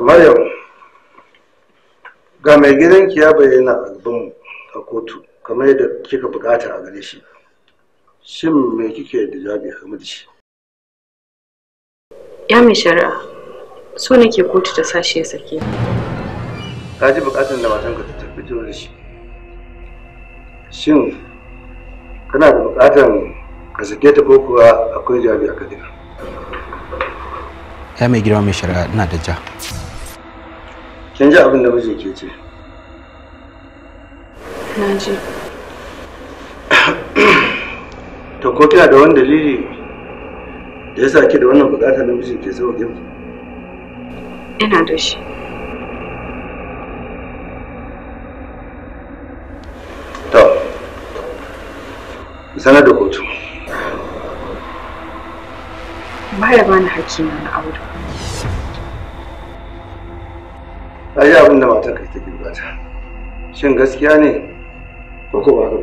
kamar yau ga mai gidanki ya bayyana a a kotu kamar yadda kika bukata a gare shi shin me kike da jabi a game shi ya mai shari'a so nake kotu ta sashi ya sake ka ji bukatar da matan ka ta fito da shi shin kana da bukatar ka sake ta ko kuwa akwai jabi a kadina ya mai girma mai shari'a ina da ja kin ji abin da mijin ke ce na ji to ko kina da wani dalili da yasa ke da wannan bukatar da mijin ke zuwa mu ina da shi to sanar da kotu Ba ya bani hakina na Audu. ka ji abin da matar ka take bukata shin gaskiya ne ko ko ba ka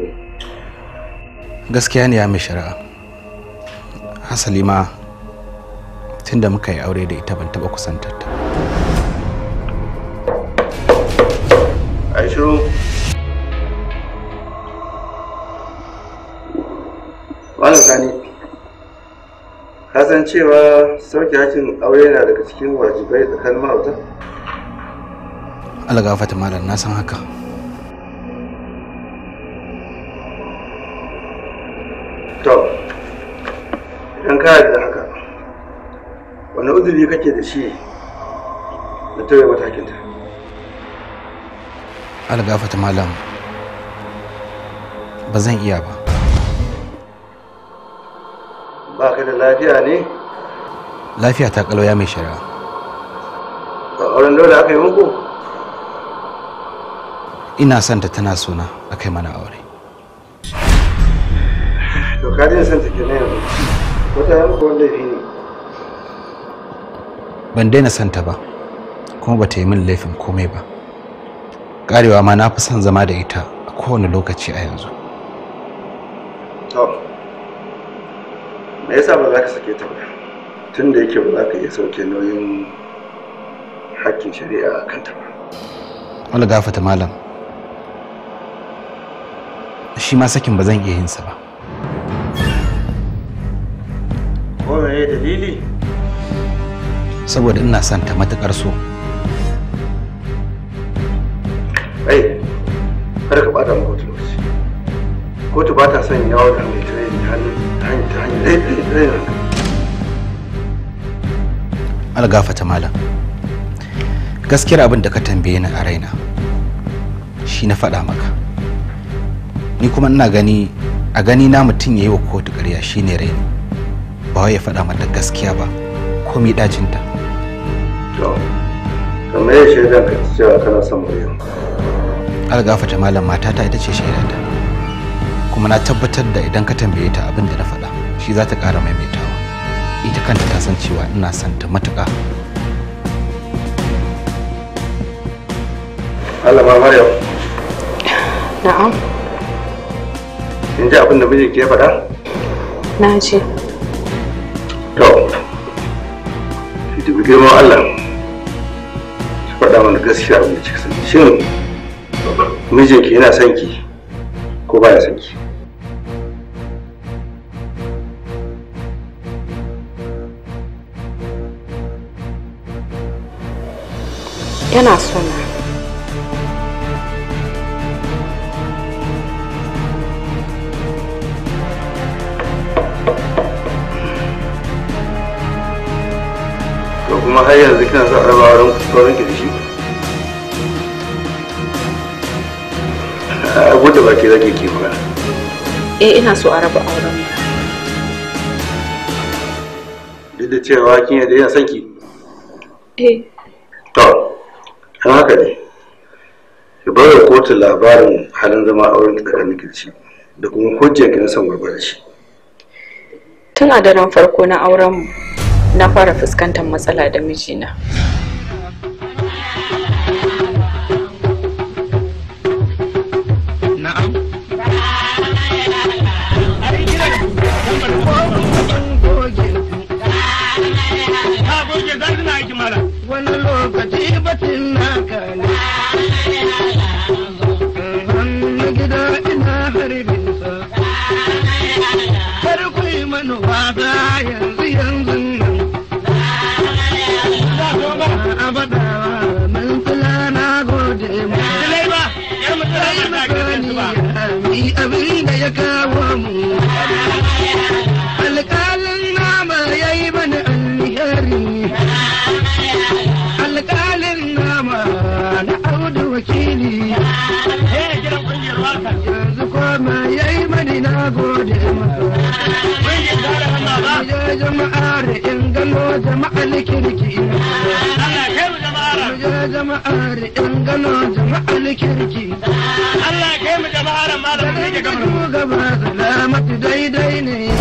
gaskiya ne ya mai shari'a hasali ma tun da muka yi aure da ita ban taba kusantar ta shiru wani Sani, ka san cewa sauke hakin aure na daga cikin wajibai tsakanin ma'auta? algafata malam na san haka to idan ka yarda haka wani uzuri kake da shi da tauye matakinta algafata malam ba zan iya ba ba ka da lafiya ne lafiya ta kalwaya mai shari'a A auren dole aka yi muku ina son ta tana suna a kai mana aure to ka dai son ta ke nan wata yan ko wanda ne ban daina son ta ba kuma ba ta yi min laifin komai ba karewa ma na fi son zama da ita a kowane lokaci a yanzu to me yasa ba za ka sake ta ba tun da yake ba za ka iya sauke nauyin hakkin shari'a a kanta ba wani gafata malam shi ma sakin ba zan iya yin sa ba ko me dalili saboda ina son ta matukar so ai kar ka bata maka lokaci kotu ba ta son yawo da mai tare da hannu ta hanyar ta hanyar algafata malam gaskiyar abin da ka tambaye ni a raina shi na faɗa maka ni kuma ina gani a gani na mutum ya yi wa kotu ƙarya shine raini ba wai ya faɗa mata gaskiya ba ko mi ta. to kamar ya shaidan ka cewa kana son muryan ta malam mata ta ita ce ta kuma na tabbatar da idan ka tambaye ta abin da na faɗa shi za ta ƙara maimaitawa ita kanta ta san cewa ina son ta matuƙa Allah Maryam. Na'am. in ji abin da mijinki ya faɗa? na ce. to ki dubi girman allah su faɗa mana gaskiya abin da kika sani shin mijinki yana son ko baya son ki yana sona eh ina so a raba auren duk da cewa kin yadda yana son ki eh to kan haka ne ki bar da kotu labarin halin zama auren ki tsakanin kirci da kuma hujjar ki na son gurbar shi tun a daren farko na auren mu na fara fuskantar matsala da mijina lokaci batin naka ne. Sannan gida ina harbin sa. Kar ku yi ta yanzu yanzu nan. Abada mun fila na gode mu. Ni abin da ya kawo mu. jama'a da in gano jama'a likirki. Allah kai mu jama'ar. jama'a da in gano jama'a likirki. Allah kai mu jama'ar malam ne ke gaba. Da gaba salamatu daidai ne.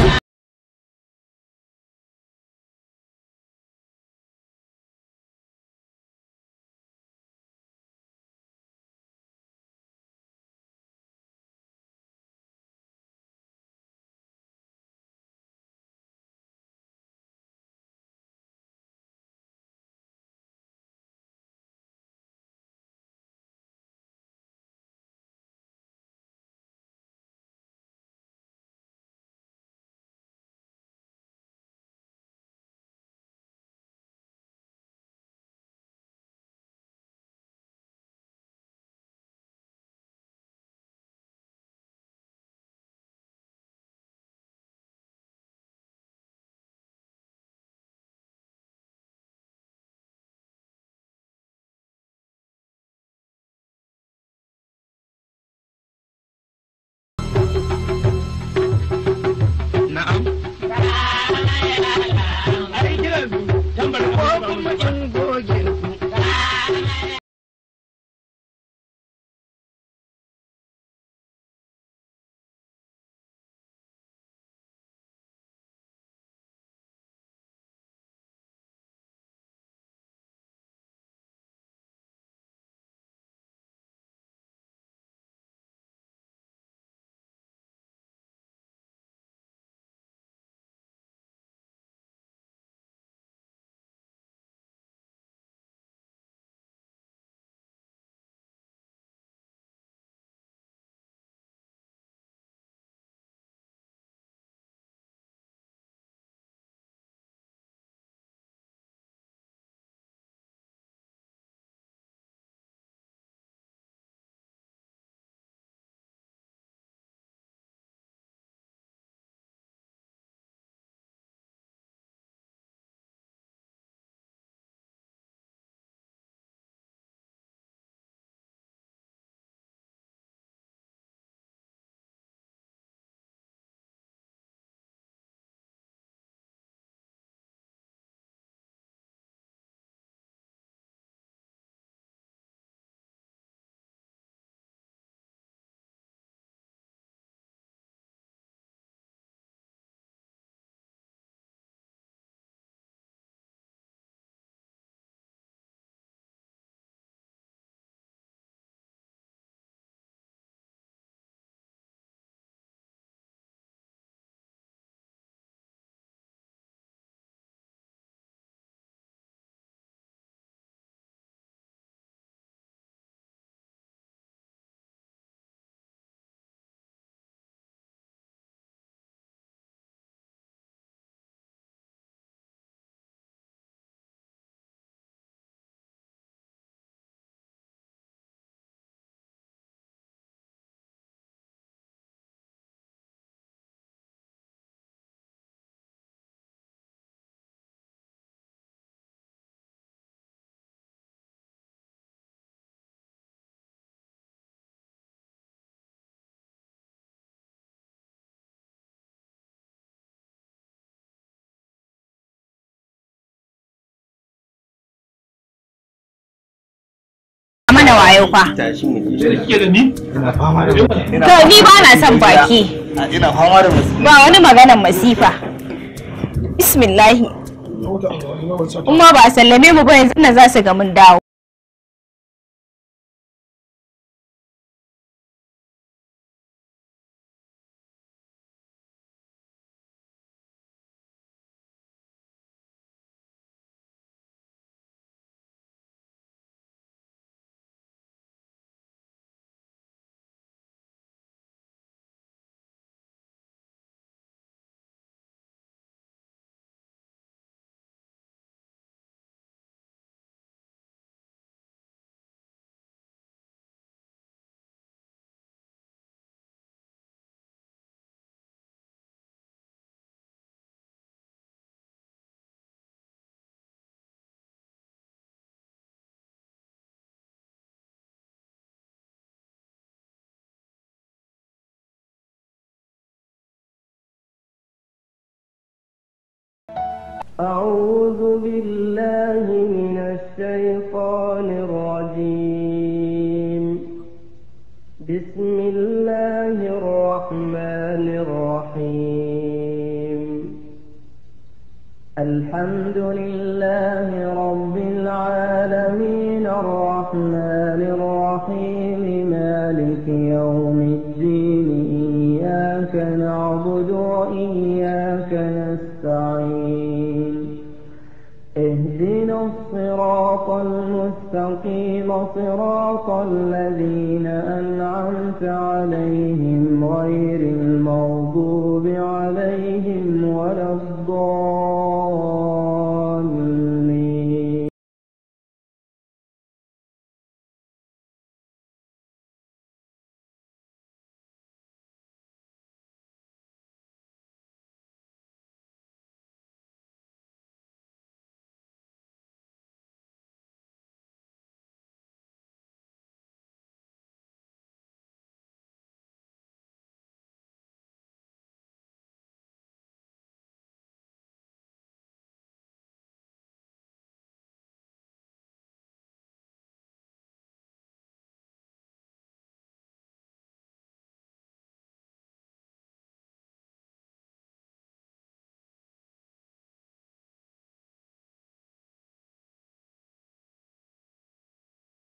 mana wayo kwa. to ni ba na son baki ba wani maganan masifa Bismillah. in ba a sallame mu ba yanzu na za su ga mun dawo أعوذ بالله من الشيطان الرجيم بسم الله الرحمن الرحيم الحمد لله رب العالمين الرحمن الرحيم مالك يوم الدين صراط الذين أنعمت عليهم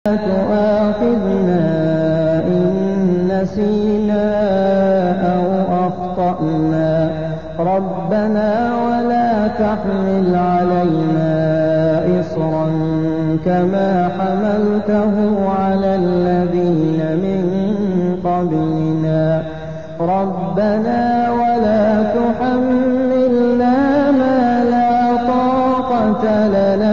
تؤاخذنا إن نسينا أو أخطأنا ربنا ولا تحمل علينا إصرا كما حملته على الذين من قبلنا ربنا ولا تحملنا ما لا طاقة لنا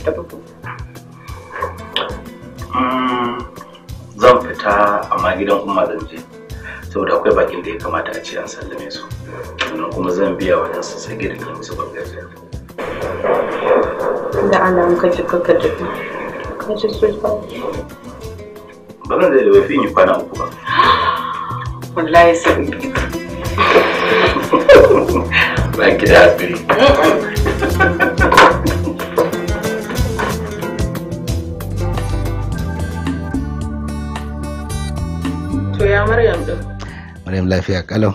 fita ba mm, Zan fita amma gidan umma zan je. saboda akwai bakin da ya kamata a ce an sallame su sannan kuma zan biya wajen su sage da kan musu bangarja da alamun ka ji kakka da ka ji su ba ba zan zai da wafi yi kwana uku ba wallahi sai ba ki da asiri Maryam din. Maryam lafiya kalau.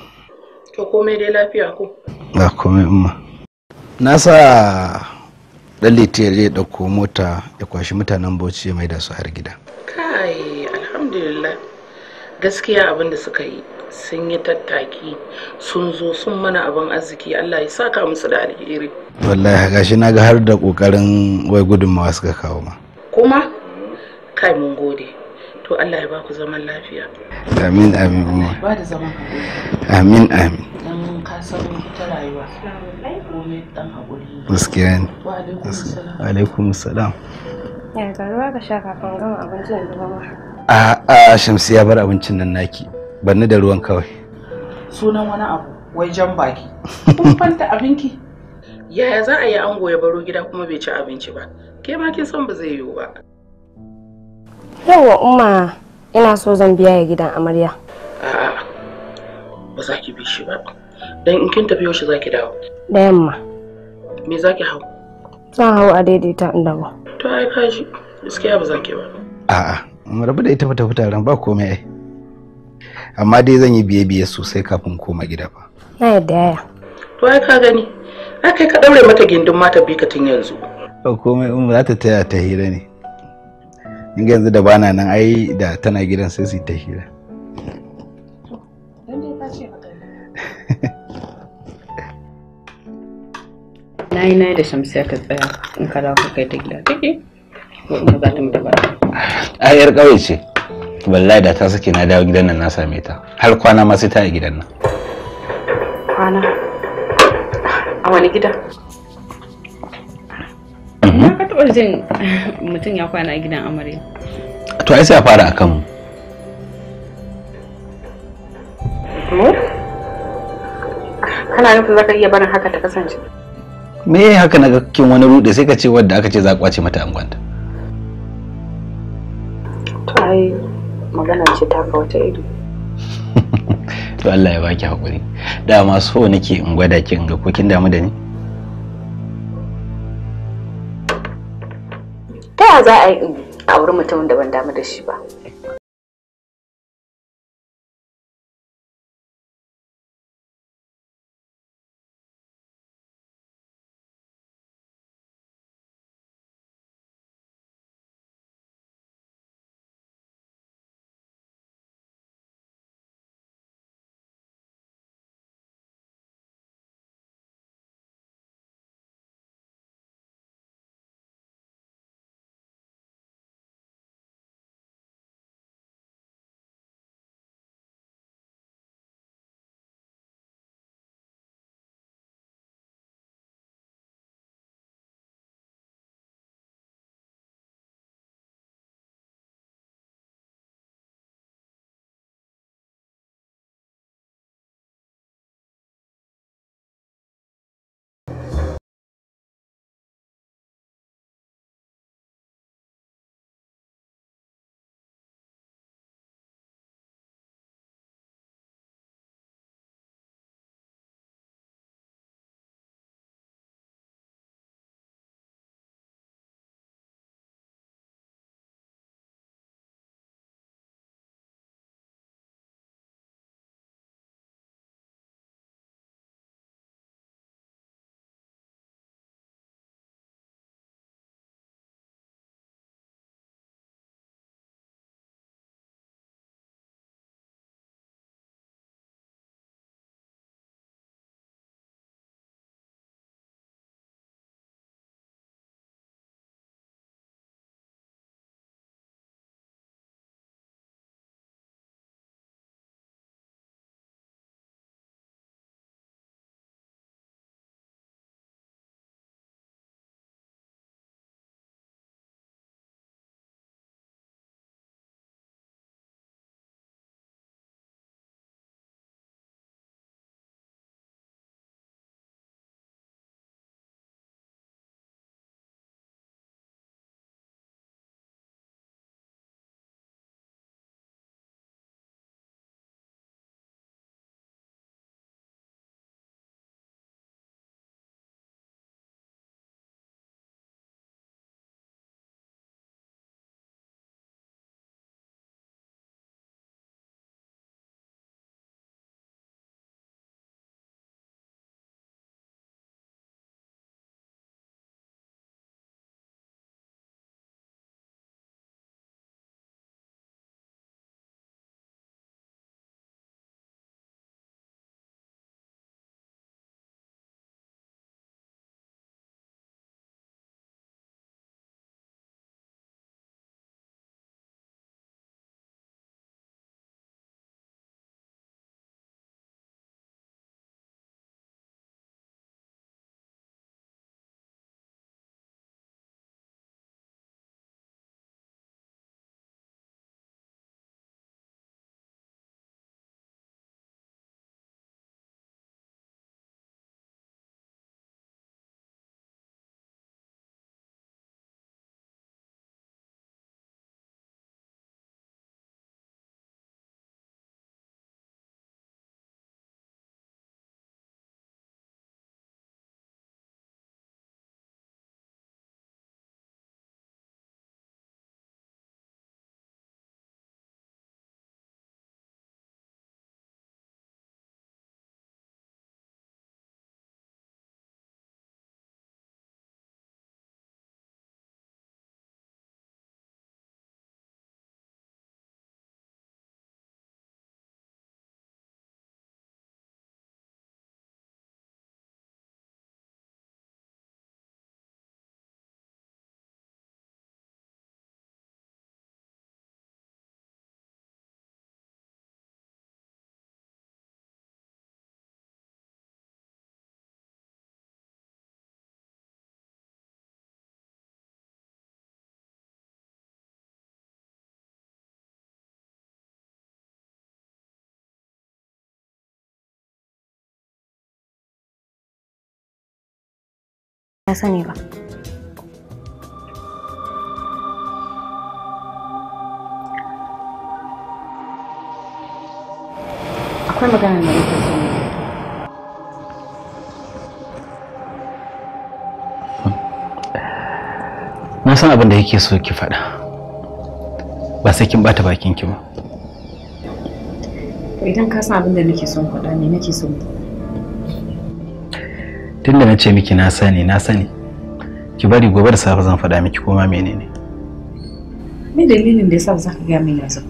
To komai dai lafiya ko? Ba komai umma. Na sa dan litiyar ya dauko mota ya kwashi mutanen Bauchi mai da su har gida. Kai alhamdulillah. Gaskiya abin da suka yi sun yi tattaki sun zo sun mana abin arziki Allah ya saka musu da alheri. Wallahi gashi na ga har da kokarin wai gudunmawa suka kawo ma. Kuma kai mun gode. to Allah ya baku zaman lafiya amin amin ba da zaman amin amin dan ka san ta rayuwa komai dan hakuri gaskiya ne wa alaikum salam ya ka sha kafin gama abincin da ba a a shamsi ya bar abincin nan naki banni da ruwan kawai sunan wani abu wai jan baki kun fanta abinki yaya za a yi ango ya baro gida kuma bai ci abinci ba ke ma kin san ba zai yiwu ba yawa umma ina so zan biya ya gidan amarya. A'a ba za ki bi shi ba. Dan in kin tafi yaushe za ki dawo? Da yamma. Me za ki hau? Zan hau a ta in dawo. To ai kaji gaskiya ba za ki ba. A'a mu rabu da ita fita ran ba komai ai. Amma dai zan yi biye-biye sosai kafin koma gida ba. Na yadda yaya. To ai ka gani. Ai kai ka daure mata gindin mata bi ka tun yanzu. Ba komai umma za ta taya ta hira ne. in yanzu da bana nan ai da tana gidan sai su ta hira na yi na da shamsiya ka tsaya in ka dawo kai ta gida take ko in za ta mutu ba a yar kawai ce wallahi da ta sake na dawo gidan nan na same ta har kwana ma sai ta a gidan nan kwana a wani gida ka jin mutum ya kwana a gidan amarya to ai sai a fara akan mu kana nufin zaka iya barin haka ta kasance me ya haka na kin wani rude sai ka ce wadda aka ce za a kwace mata angwanta to ai magana ce ta ka wata ido to Allah ya baki hakuri dama so nake in gwada ki in ga ko kin damu da ni za a yi auri mutumin da ban damu da shi ba na sani ba akwai magana da nake so na san abin da yake so ki faɗa ba sai kin bata bakin ki ba idan ka san abin da nake son faɗa ne nake son faɗa tunda na ce miki na sani na sani ki bari gobe da safe zan faɗa miki koma menene me dalilin da yasa za ka ga min yanzu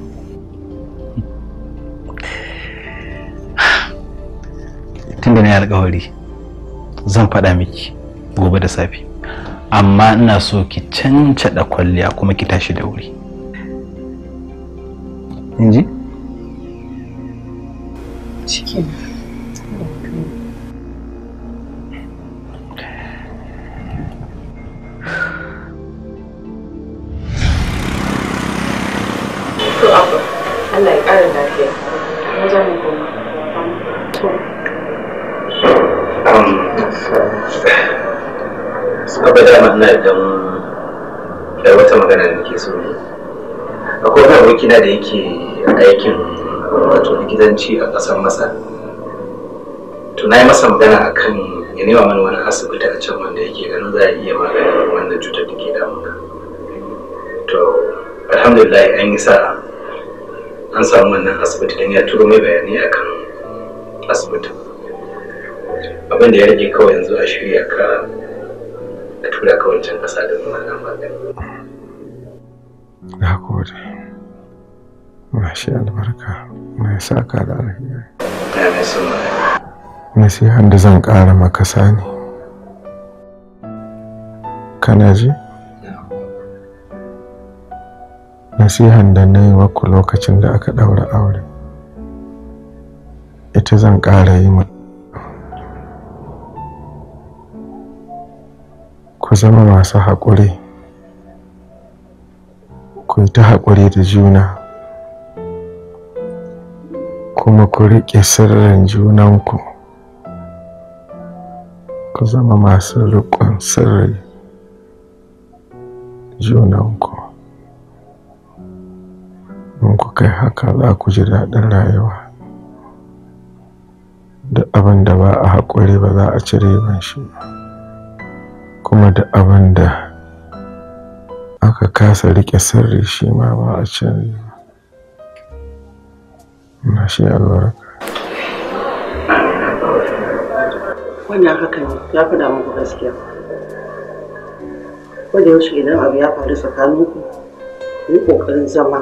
tunda na yi alkawari zan faɗa miki gobe da safe amma ina so ki cancaɗa kwalliya kuma ki tashi da wuri in ji? Allah ya ƙara lafiya mu za um, dama ina wata magana da nake so ne akwai wani abokina da yake aikin wato likitanci a ƙasar masar to na yi masa magana a kan ya nema mana wani asibiti a can wanda yake ganin za a iya maganin wannan cutar da ke damunka to alhamdulillah an yi sa'a an samu wannan asibiti don ya turo mai bayani akan asibiti abin da ya rage kawai yanzu a shirya ka a tura kawai can ƙasa da wannan magani na gode mashi albarka mai ka da alheri nasihan da zan ƙara maka sani kana ji? nasihan da na yi maku lokacin da aka ɗaura aure ita zan ƙara yi ku zama masu haƙuri ku yi ta haƙuri da juna kuma ku riƙe sirrin junanku ku zama masu riƙon sirri junanku in kuka yi haka za ku ji daɗin rayuwa da abin da ba a haƙuri ba za a ci riban shi kuma da abin da aka kasa riƙe sirri shi ma ba a ci riba na shi albarka wannan haka ne ya fi damu gaskiya ko da yaushe idan abu ya faru tsakaninku yi ƙoƙarin zama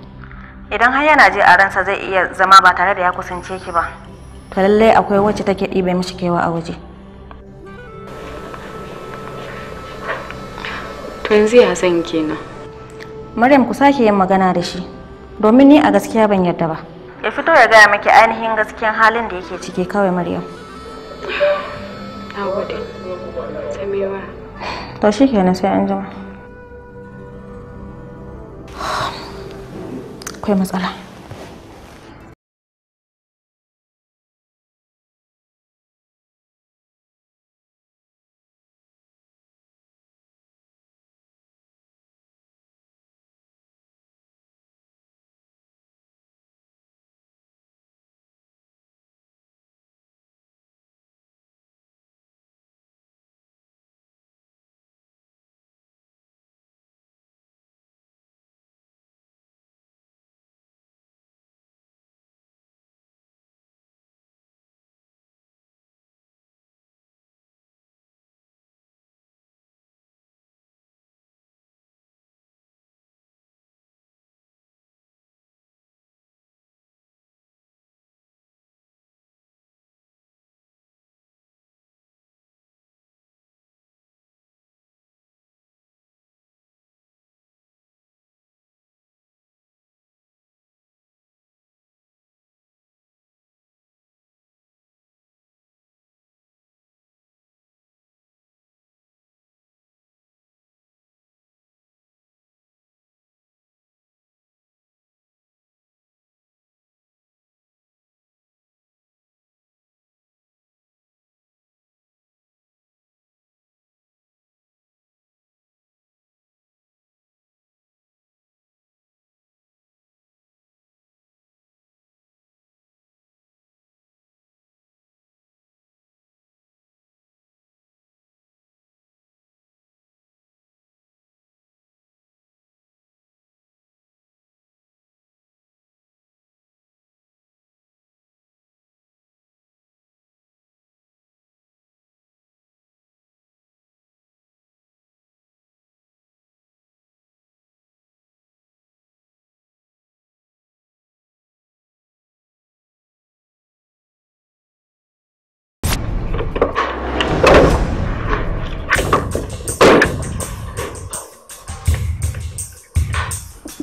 idan har yana je a ransa zai iya zama ba tare da ya kusance ki ba to lallai akwai wacce take ɗibe mishi kewa a waje Tun ya san kenan maryam ku sake yin magana da shi domin ni a gaskiya ban yarda ba ya fito ya gaya miki ainihin gaskiyan halin da yake ciki kawai maryam na gode samewa to sai an jima masalah.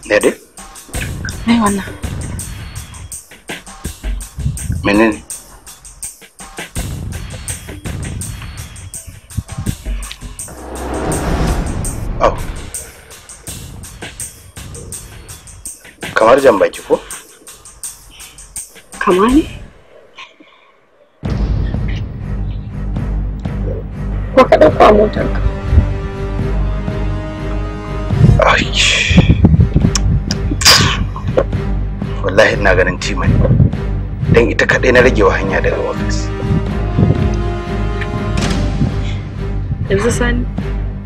Dede? Mai wannan. Menene? Oh. Kamar jan baki ko? Kamar ne? Ko ka ɗauka motarka? ina ganin tima ne don ita kaɗai na rage wa hanya daga ofis yanzu sani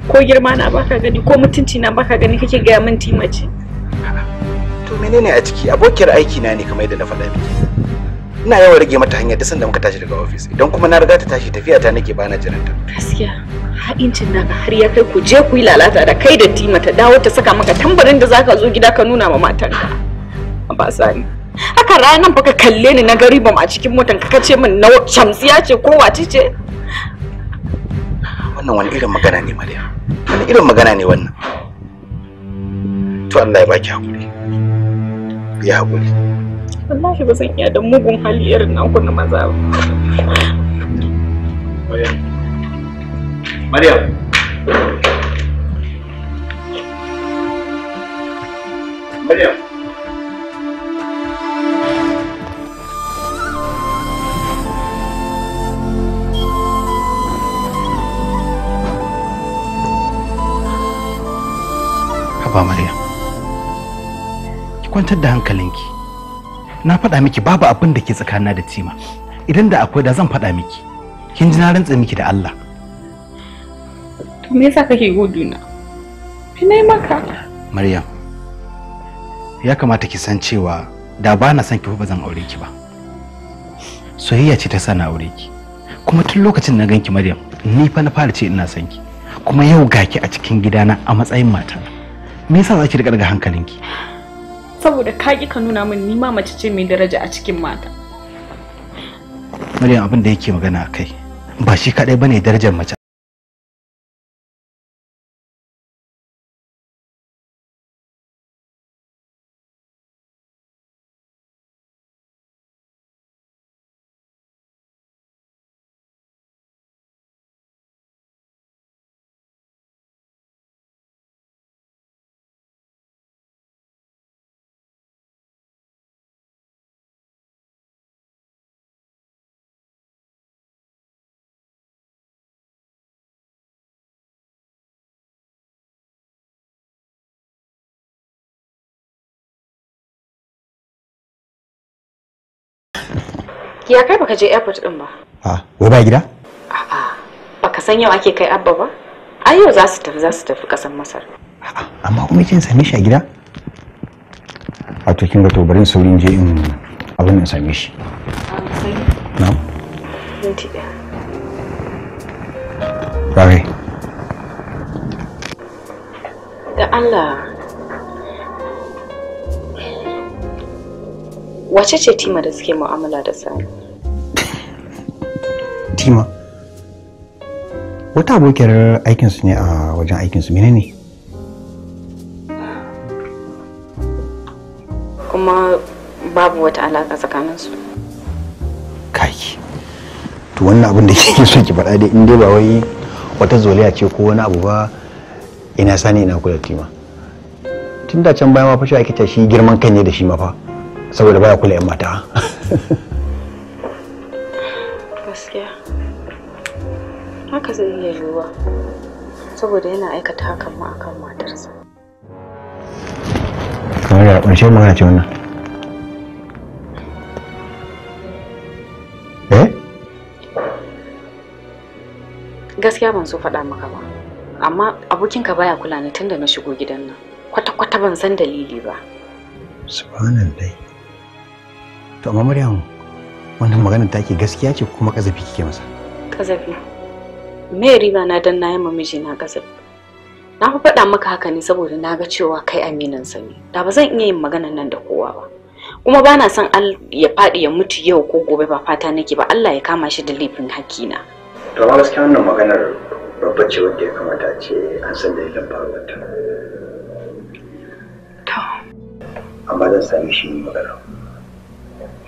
ko girma na baka gani ko mutunci na baka gani kake gaya min tima ce to menene a ciki abokiyar aiki na ne kamar yadda na faɗa miki ina yawan rage mata hanya duk sanda muka tashi daga ofis idan kuma na riga ta tashi tafiya ta nake bana ta gaskiya ha'incin naka har ya kai ku je ku yi lalata da kai da tima ta dawo ta saka maka tambarin da zaka zo gida ka nuna ma matanka ba sani haka ranan baka kalle ni na garibam a cikin motan ka ce min na shamsiya ce ko wace ce wannan wani irin magana ne Maryam wani irin magana ne wannan to Allah ya baki hakuri ya hakuri wallahi ba zan iya da mugun hali irin naku na maza ba Maryam Maryam ba maryam ki kwantar da hankalinki na faɗa miki babu abin da ke tsakanina da tima idan da akwai da zan faɗa miki kin ji na rantse miki da Allah to me yasa kake na? me nayi maka maryam ya kamata ki san cewa da ba na son ki ba zan aure ki ba soyayya ce ta sa na aure ki kuma tun lokacin na ganki maryam ni fa na fara ce ina son ki kuma yau gaki a cikin gidana a matsayin matana me yasa za ki riga daga hankalinki saboda ka ki ka nuna min ni ma mace ce mai daraja a cikin mata Maryam abin da yake magana kai, ba shi kadai bane darajar mace Ya kai baka je airport din ba? A, wai ba gida? A'a, baka san yau ake kai abba ba? Ai yau za su tafi za su tafi kasan Masar. A'a, amma kuma kin same shi a gida? A to kin ga to bari saurin je in abin in same shi. na Minti ɗaya. Bye. Da Allah wace ce tima da suke mu'amala da sani tima wata abokiyar aikinsu ne a wajen aikinsu menene kuma babu wata alaƙa tsakaninsu kaki to wannan abin da ke so ki faɗa dai in dai ba wai wata zoliya ce ko wani abu ba ina sani ina kula tima tun da can baya ma fashe ake ta shi girman kai ne da shi ma fa saboda baya kula yan mata gaskiya haka zai iya yiwuwa saboda yana aikata hakan ma akan matarsa kamar da ƙarshe magana ce wannan eh gaskiya ban so faɗa maka ba amma abokinka baya kula ni tunda na shigo gidan nan kwata-kwata ban san dalili ba subhanallah to amma maryam wannan maganar ke gaskiya ce kuma kazafi kike masa kazafi me riba na dan na yi miji na kazafi na fi faɗa maka haka ne saboda na ga cewa kai aminin sa ne da ba zan iya yin maganar nan da kowa ba kuma ba na son ya faɗi ya mutu yau ko gobe ba fata nake ba Allah ya kama shi da laifin hakina. To amma gaskiya wannan maganar babba ce wanda ya kamata ce an san dalilin faruwarta. To. Amma zan sami shi magana.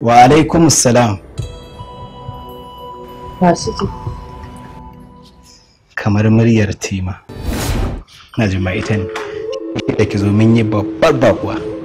wa alaikum salam masu ji kamar muryar tema na jima'a ne da ki zo min yi babbar bakuwa